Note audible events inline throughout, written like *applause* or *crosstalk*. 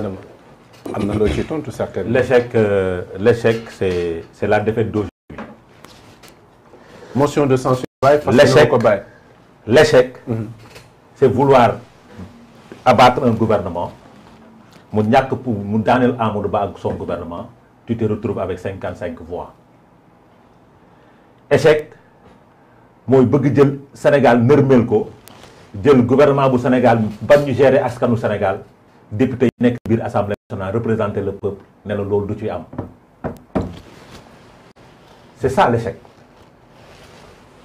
Adama am na tontu certainement. l'échec euh, l'échec c'est c'est la défaite d'aujourd'hui. de censure. l'échec l'échec mhm. c'est vouloir abattre un gouvernement mu ñàkk pour mu daaneel Amadou Ba ak son gouvernement tu te retrouves avec cinquante cinq voix échec mooy bëgg jël Sénégal nërmeel ko jël gouvernement bu Sénégal ban ñu gérer askanu Sénégal député yi nekk biir assemblée nationale représenter le peuple ne la loolu du ci am c'est ça l'échec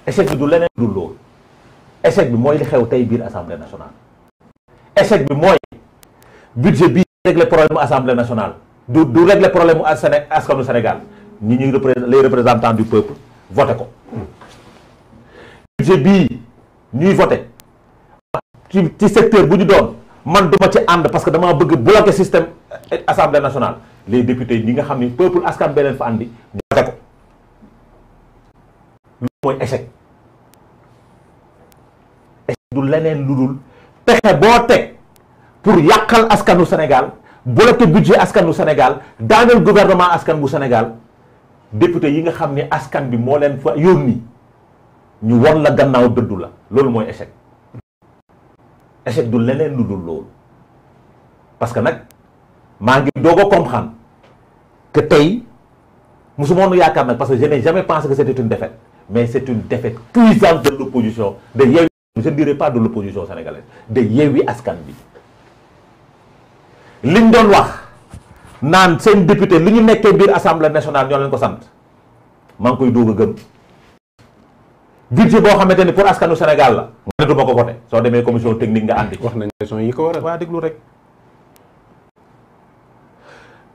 échec bi du leneen dul loolu échec bi mooy li xew tey biir assemblée nationale échec bi mooy budget bi régler problème assemblée nationale du du régler problème askanu Sénégal ñi ñuy les représentants du peuple voté ko budget bii ñuy voté ci ci secteur bu ñu doon man duma ci ànd parce que damaa bëgg bloquer système assemblée nationale les députés yi nga xam ni peuple askan bee leen fa andi ñu ko loolu mooy du leneen lu dul pexe boo teg pour yàqal askanu Sénégal bloquer budget askanu Sénégal daaneel gouvernement askan bu Sénégal député yi nga xam ni askan bi moo leen fa yónni ñu won la gannaaw dëddu la loolu mooy échec échec du leneen lu dul loolu parce que nag maa ngi doog a comprendre que tey musumoon yaakaar nag parce que je n'ai jamais pensé que c'était une défaite mais c'est une défaite cuisante de l'opposition de Yewwi je ne dirais pas de l'opposition sénégalaise de Yewwi Askan bi liñ doon wax naan seen député li ñu nekkee biir assemblée nationale ñoo leen ko sant maa ngi koy doog a gëm budget boo xamante ni pour askanu Sénégal la. ne ko voté soo demee commission technique nga àndi. wax nañ raison ko waral waa déglu rek.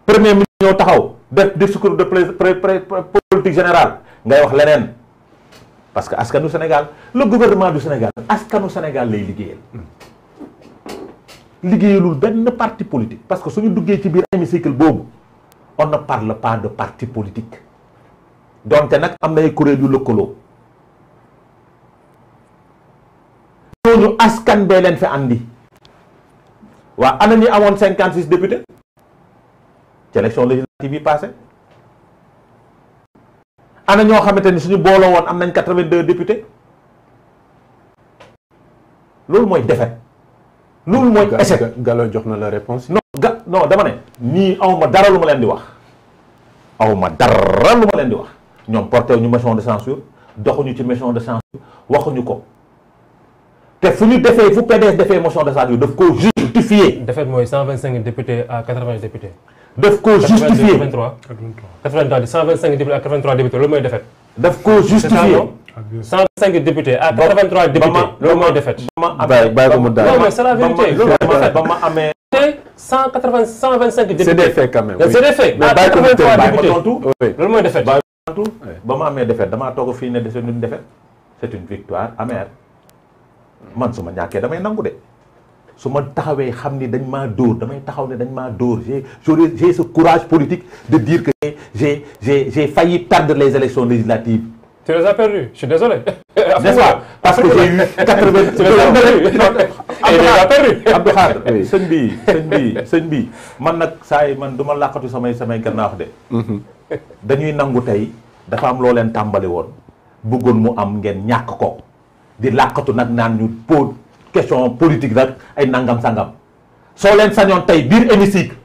premier ministre ñëw taxaw def discours de politique générale ngay wax leneen parce que askanu Sénégal le gouvernement du Sénégal askanu Sénégal lay liggéeyal. liggéeyalul benn parti politique parce que suñu duggee ci biir hémicycle boobu on ne parle pas de parti politique donte nag am na ay kuréel yu lëkkaloo. ñooñu askan bee leen fi andi waa ana ñi amoon cinquante six députés ci élection législative yi passé ana ñoo xamante ni suñu booloo woon am nañ quatre vingt deux loolu mooy défaite loolu mooy échec Gallo jox na la réponse non ga non dama ne nii awma dara lu ma leen di wax awma dara lu ma leen di wax ñoom porté ñu motion de censure doxuñu ci mission de censure waxuñu ko te fu ñu defee fu PDS defee motion de censure daf koo justifié. défaite mooy 125 députés à 80 députés. daf koo justifié 83 à 83 députés loolu mooy défaite. daf koo justifié 125 députés à 83 députés loolu mooy défaite. ba ko mu daal non loolu mooy défaite. ba ma amee défaite damaa toog fii ne c'est une défaite c'est une victoire amère. man su ma ñàkkee damay nangu de su ma taxawee xam ni dañ maa dóor damay taxaw ne dañ maa dóor j'ai j'ai ce courage politique de dire que j'ai j'ai j'ai failli perdre les élections législatives *laughs* parce que j'ai eu quatre-vingts *laughs* Abdou Khadr *laughs* sëñ bi sëñ bi sëñ bi man nag saa yi man duma ma làqatu samay samay gannaaw de mm-hmm. dañuy nangu tey dafa am loo leen tàmbali woon bëggoon mu am ngeen ñàkk ko di làqatu nag naan ñu po question politique nag ay nangam sangam soo leen sañoon tey biir hémicycle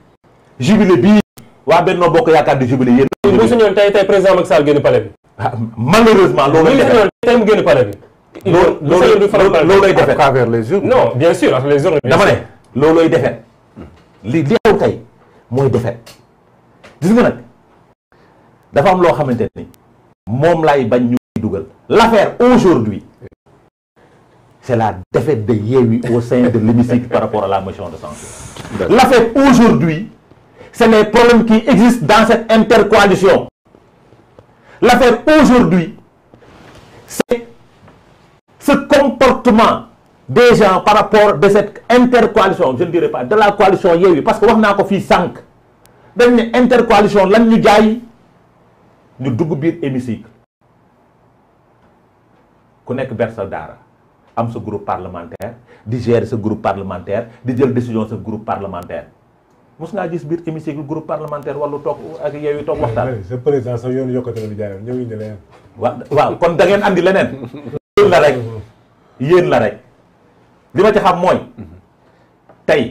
jubilé bii waa Benno Bokk Yaakaar di jubilé yéen. bu ñu sañoon tey tey président Macky Sall génn palais bi. Ah, malheureusement loolu bi. loolu loolu lay defee à travers les urnes. non bien sûr à travers les urnes. dama ne loolu lay defee li li xew tey mooy defee gis nga nag dafa am loo xamante ni moom lay bañ ñu dugal l'affaire aujourd'hui c'est la défaite de Yewi au sein de l'hémicycle par rapport à la motion de censure. L'affaire aujourd'hui, c'est les problèmes qui existent dans cette intercoalition. L'affaire aujourd'hui, c'est ce comportement des gens par rapport de cette intercoalition, je ne dirais pas, de la coalition Yewi, parce que on a fait 5. Dans une intercoalition, là, nous avons nous avons hémicycle. Connect Bersadara. am sa groupe parlementaire di gérer sa groupe parlementaire di jël décision sa groupe parlementaire mos ngaa gis biir hémicycle groupe parlementaire wàllu toog ak yooyu toog waxtaan. Eh, sa président sa yoonu yokkute la bi jaay ñëw indi waaw kon da ngeen andi leneen. yéen la rek yéen la rek li ma ci mooy tey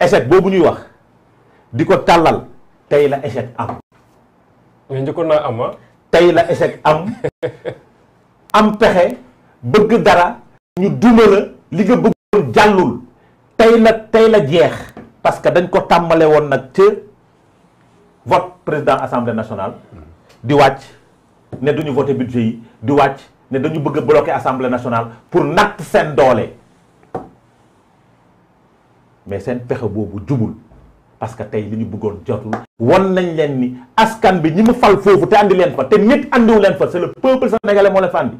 échec boobu ñuy wax di ko tàllal tey la échec am. mais njëkkoon naa am ah? tey la échec am *laughs* am pexe. bëgg dara ñu duma la li nga bëggoon jàllul tey la tey la jeex parce que dañ ko tàmbale woon nag ca vote président assemblée nationale di wàcc ne duñu voté budget yi di wàcc ne dañu bëgg a bloquer assemblée nationale pour natt seen doole mais seen pexe boobu jubul parce que tey li ñu bëggoon jotul won nañ leen ni askan bi ñi mu fal foofu te andi leen fa te nit andiwu leen fa c'est le peuple sénégalais moo leen fa andi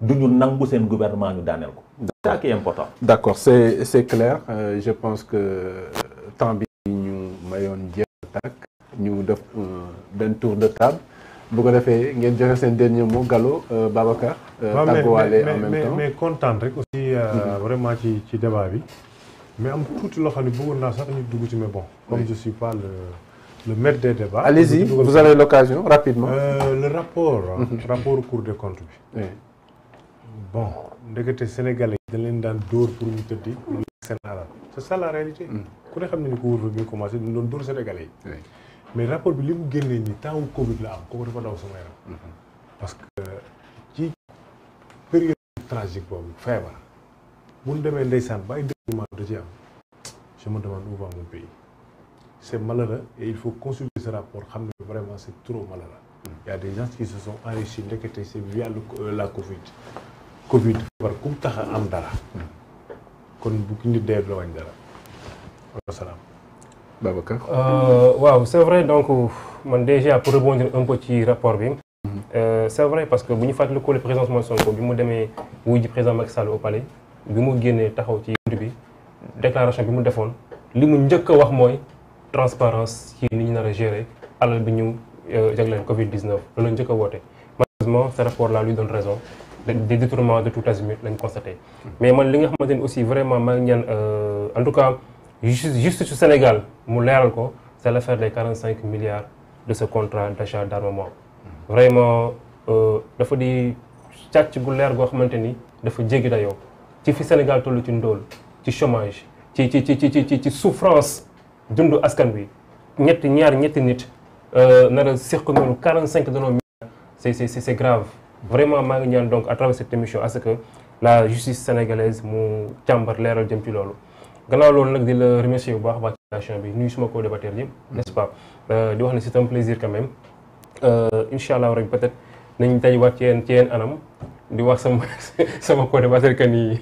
du ñu nangu seen gouvernement ñu daaneel ko. ça qui est d' accord c' clair euh, je pense que temps bi ñu mayoon jeex tàkk ñu def benn tour de table bu ko defee ngeen joxe seen dernier mot Gallo euh, Babacar. Euh, tàgguwaale en même temps mais kontaan rek aussi mm-hmm. vraiment ci ci débat bi. mais am tuuti loo xam ne naa sax ñu dugg ci mais bon. comme je suis pas le le maître des débats. allez-y vous avez l'occasion rapidement. le rapport. Mm-hmm. rapport Cour des comptes bi. bon ndekete sénégalais yi dañ leen daan dóor pour ñu tëddi pour mm. ñu seen alal c'est ça réalité mm. ku ne xam ne ni ko wóor bi commencé duñ doon dóor sénégalais yi mais rapport bi li mu génnee ni temps Covid la am kooku dafa daw sama yaram mm-hmm. parce que ci période tragique boobu feebar bu ñu demee ndeysaan ba ay développement da ci am je me demande où pays c'est malheureux et il faut consulter ce rapport xam ne vraiment c'est trop malheureux mm. il y a des gens qui euh, la Covid Covid feebar ku tax am dara kon bu ki nit dee doo wañ dara euh, waaw c'est donc man déjà pour rebondir un peu ci rapport bi. Euh, c'est vrai parce que bu ñu fàttalikoo le président Ousmane Sonko bi mu demee wuy ji président Macky Sall au palais bi mu génnee taxaw ci bunt bi déclaration bi mu defoon li mu njëkk a wax mooy transparence ci ni ñu nar a gérer alal bi ñu euh, jagleen Covid 19 loolu njëkk a woote malheureusement ce rapport là lui donne raison. des détournements de tout azimut lañ constaté. mais man li nga xamante ni aussi euh, en tout cas juste juste ci Sénégal mu leeral ko c'est l'affaire des 45 milliards de ce contrat d'achat d'armement vraiment euh, dafa di càcc gu leer goo xamante ni dafa jéggi dayoo ci fi Sénégal toll ci ndool ci chomage ci ci ci ci ci ci souffrance dundu askan wi ñetti ñaar ñetti nit euh, nar a circumloolu 45 de nos milliards c'est c'est c'est grave. vraiment maa ngi ñaan donc à travers cette émission ce que la justice sénégalaise mu càmbar leeral jëm ci loolu gannaaw loolu nag di la remercier bu baax a baax ci invitation bi nuyu suma co-débatteur yëpp mm-hmm. nest euh, di wax ne c'est un plaisir incha allah rek peut-être nañ dajewaat ci yeen ci yeen anam di wax sama *laughs* sama co-débatteur que ni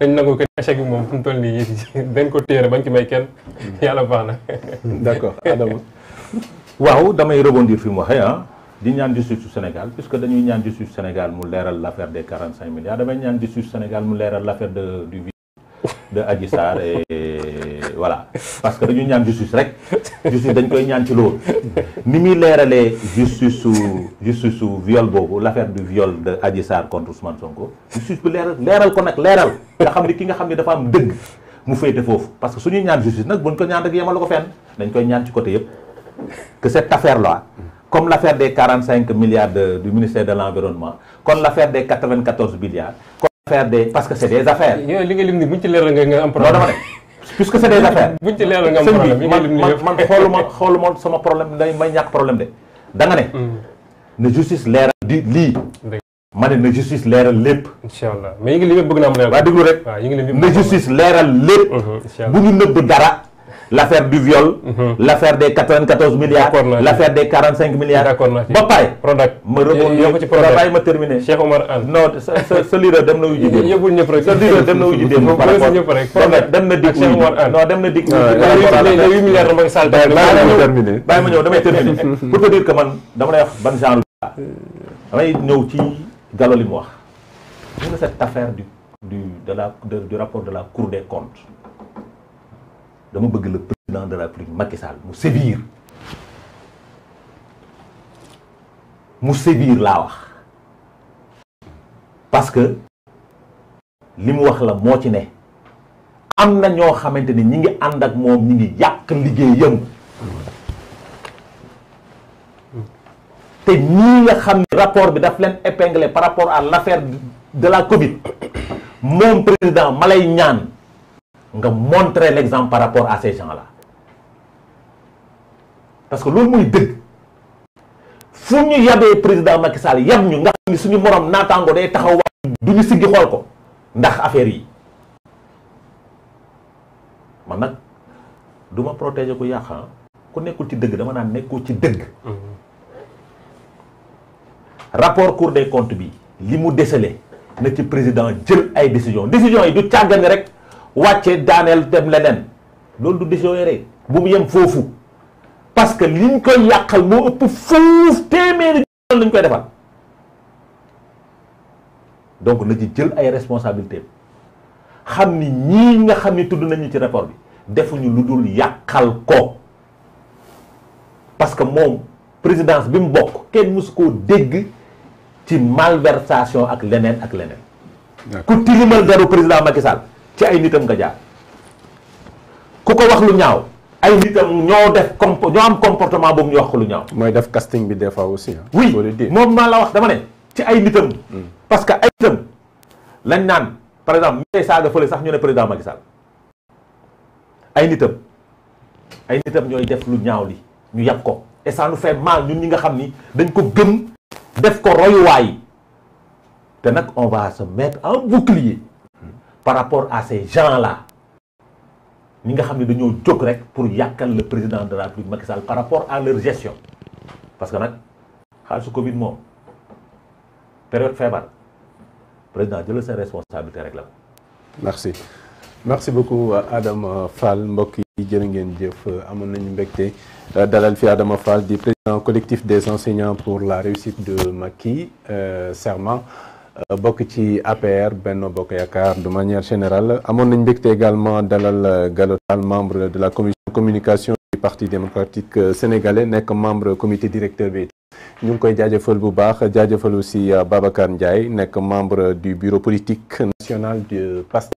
dañ *laughs* nangu que ni bi moom mu toll nii *laughs* dañ ko téere bañ ci may kenn mm-hmm. yàlla baax na. d'accord Adama. waaw damay rebondir fi waxee ah. di ñaan justice su Sénégal que dañuy ñaan justice Sénégal mu leeral l' affaire des quarante cinq milliards damay ñaan mu leeral l' affaire de du de Adji Sarr *laughs* voilà parce que dañuy ñaan justice rek justice dañ koy ñaan ci loolu ni muy leeralee justice su justice su viol boobu l' affaire du viol de Adji Sarr contre Ousmane Sonko justice bi leeral leeral ko nag leeral nga xam ni ki nga xam ni dafa am dëgg mu féete foofu parce que suñuy ñaan justice nag buñ ko ñaan rek yemal ko fenn dañ koy ñaan côté yëpp que cette affaire comme l'affaire des 45 milliards de, du de l'Environnement, comme l'affaire des 94 milliards, comme l'affaire des... Parce que c'est des affaires. puisque c'est des *laughs* affaires. buñ ci leeral nga am problème bi man may ñàkk problème de da ne. Mm. na justice leeral di lii. ma ne na justice leeral lépp. incha allah rek. na justice leeral lépp. Mm-hmm. bu ñu nëbb dara. l'affaire du viol. Mhm. l'affaire des 94 milliards. l'affaire des 45 milliards. ba pare. Prodac ma yokk ci Prodac bàyyi ma terminer. Cheikh sa sa sa leader sa ma ñëw damay terminer. *laughs* pour te dire que man dama lay wax ban genre. damay ñëw ci Gallo li mu wax. ñu ne cette affaire du du la du rapport de dama bëgg le président de la République Macky Sall mu sévir mu sévir laa wax parce que li mu wax la moo ci ne am na ñoo xamante ni ñi ngi ànd ak moom ñi ngi yàq liggéeyam te ñii nga xam ne rapport bi daf leen épinglé par rapport à l'affaire de la Covid moom président ma lay ñaan nga montrer l'exemple par rapport à ces gens-là parce que loolu muy dëgg fu ñu yabee président Macky Sall yab ñu nga xam ni suñu morom naataango day taxaw wax du ñu siggi xool ko ndax affaire yi man nag duma ma protéger ku yàq ah. ku nekkul ci dëgg dama naan nekkul ci dëgg. Mm-hmm. rapport Cour des comptes bi li mu décelé na ci président jël ay décision décision yi du càggani rek. wàcce daaneel dem leneen loolu du décision yore bu mu yem foofu parce que liñ koy yàqal moo ëpp foofu téeméeri jël lañ koy defal donc na ci jël ay bi xam ni ñii nga xam ni tudd nañu ci rapport bi defuñu lu dul yàqal ko parce que moom présidence bi mu bokk kenn mësu koo dégg ci malversation ak leneen ak leneen ku tilimal deru président Macky Sall ci ay nitam nga jaar ku ko wax lu ñaaw ay nitam ñoo def comp comportement boobu ñu wax lu ñaaw. mooy def casting bi des fois aussi. oui moom maa la wax dama ne ci ay nitam. Hmm. parce que ay nitam lañ naan par exemple ñu saaga fële sax ñu ne président Macky Sall ay nitam ay nitam ñooy def lu ñaaw li ñu yàpp ko et ça fait mal ñun ñi nga xam ni dañ ko gëm def ko royuwaay te nag on va mettre en bouclier. par rapport à ces gens la ñi nga xam ne dañoo jóg rek pour yàkkal la président de la République Macky Sall par rapport a leur gestion parce que nag xaalisu Covid moom période feebar président jëlal sa responsabilité rek la merci merci beaucoup Adama Fall mbokk yi jërë ngeen jëf amoon nañu mbégte euh, dalal fi Adama Fall di président collectif des enseignants pour la réussite de Macky euh, serment Euh, bokk ci APR benn Bokk Yaakaar de manière générale amoon nañ mbégte également dalal euh, Gallo Tall membre de la commission communication du parti démocratique euh, sénégalais nekk membre comité directeur bi ñu ngi koy jaajëfal bu baax jaajëfal aussi Babacar Ndiaye nekk membre du bureau politique national du PASTEF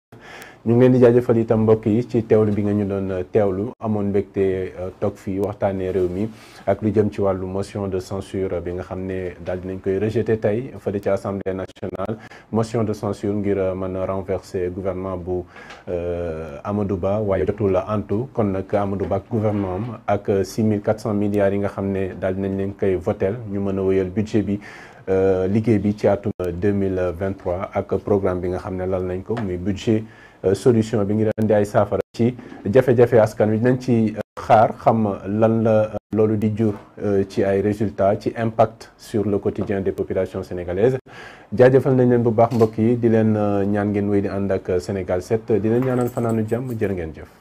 ñu ngeen leen di jaajëfal itam mbokk yi ci teewlu bi nga ñu doon euh, teewlu amoon mbégte euh, toog fi waxtaanee réew mi ak lu jëm ci wàllu motion de censure bi nga xam ne daal dinañ koy rejeté tey fële ci assemblée nationale motion de censure ngir euh, mën a renverser gouvernement bu Amadou Ba waaye jotul antu kon nag Amadou Ba ak gouvernement am ak 6400 yi nga xam ne daal dinañ leen koy votel ñu mën a wëyal budget bi. liggéey bi ci atum 2023 ak programme bi nga xam ne lal nañ ko muy budget. Euh, solution bi ngir indi ay saafara ci jafe-jafe askan wi nañ ci euh, xaar xam lan la euh, loolu di jur ci ay résultats ci impact sur le quotidien des populations sénégalaises jaajëfal nañ leen bu baax mbokk yi di leen ñaan ngeen wéy di ànd ak Sénégal 7 di leen ñaanal fanaanu jàmm jër ngeen jëf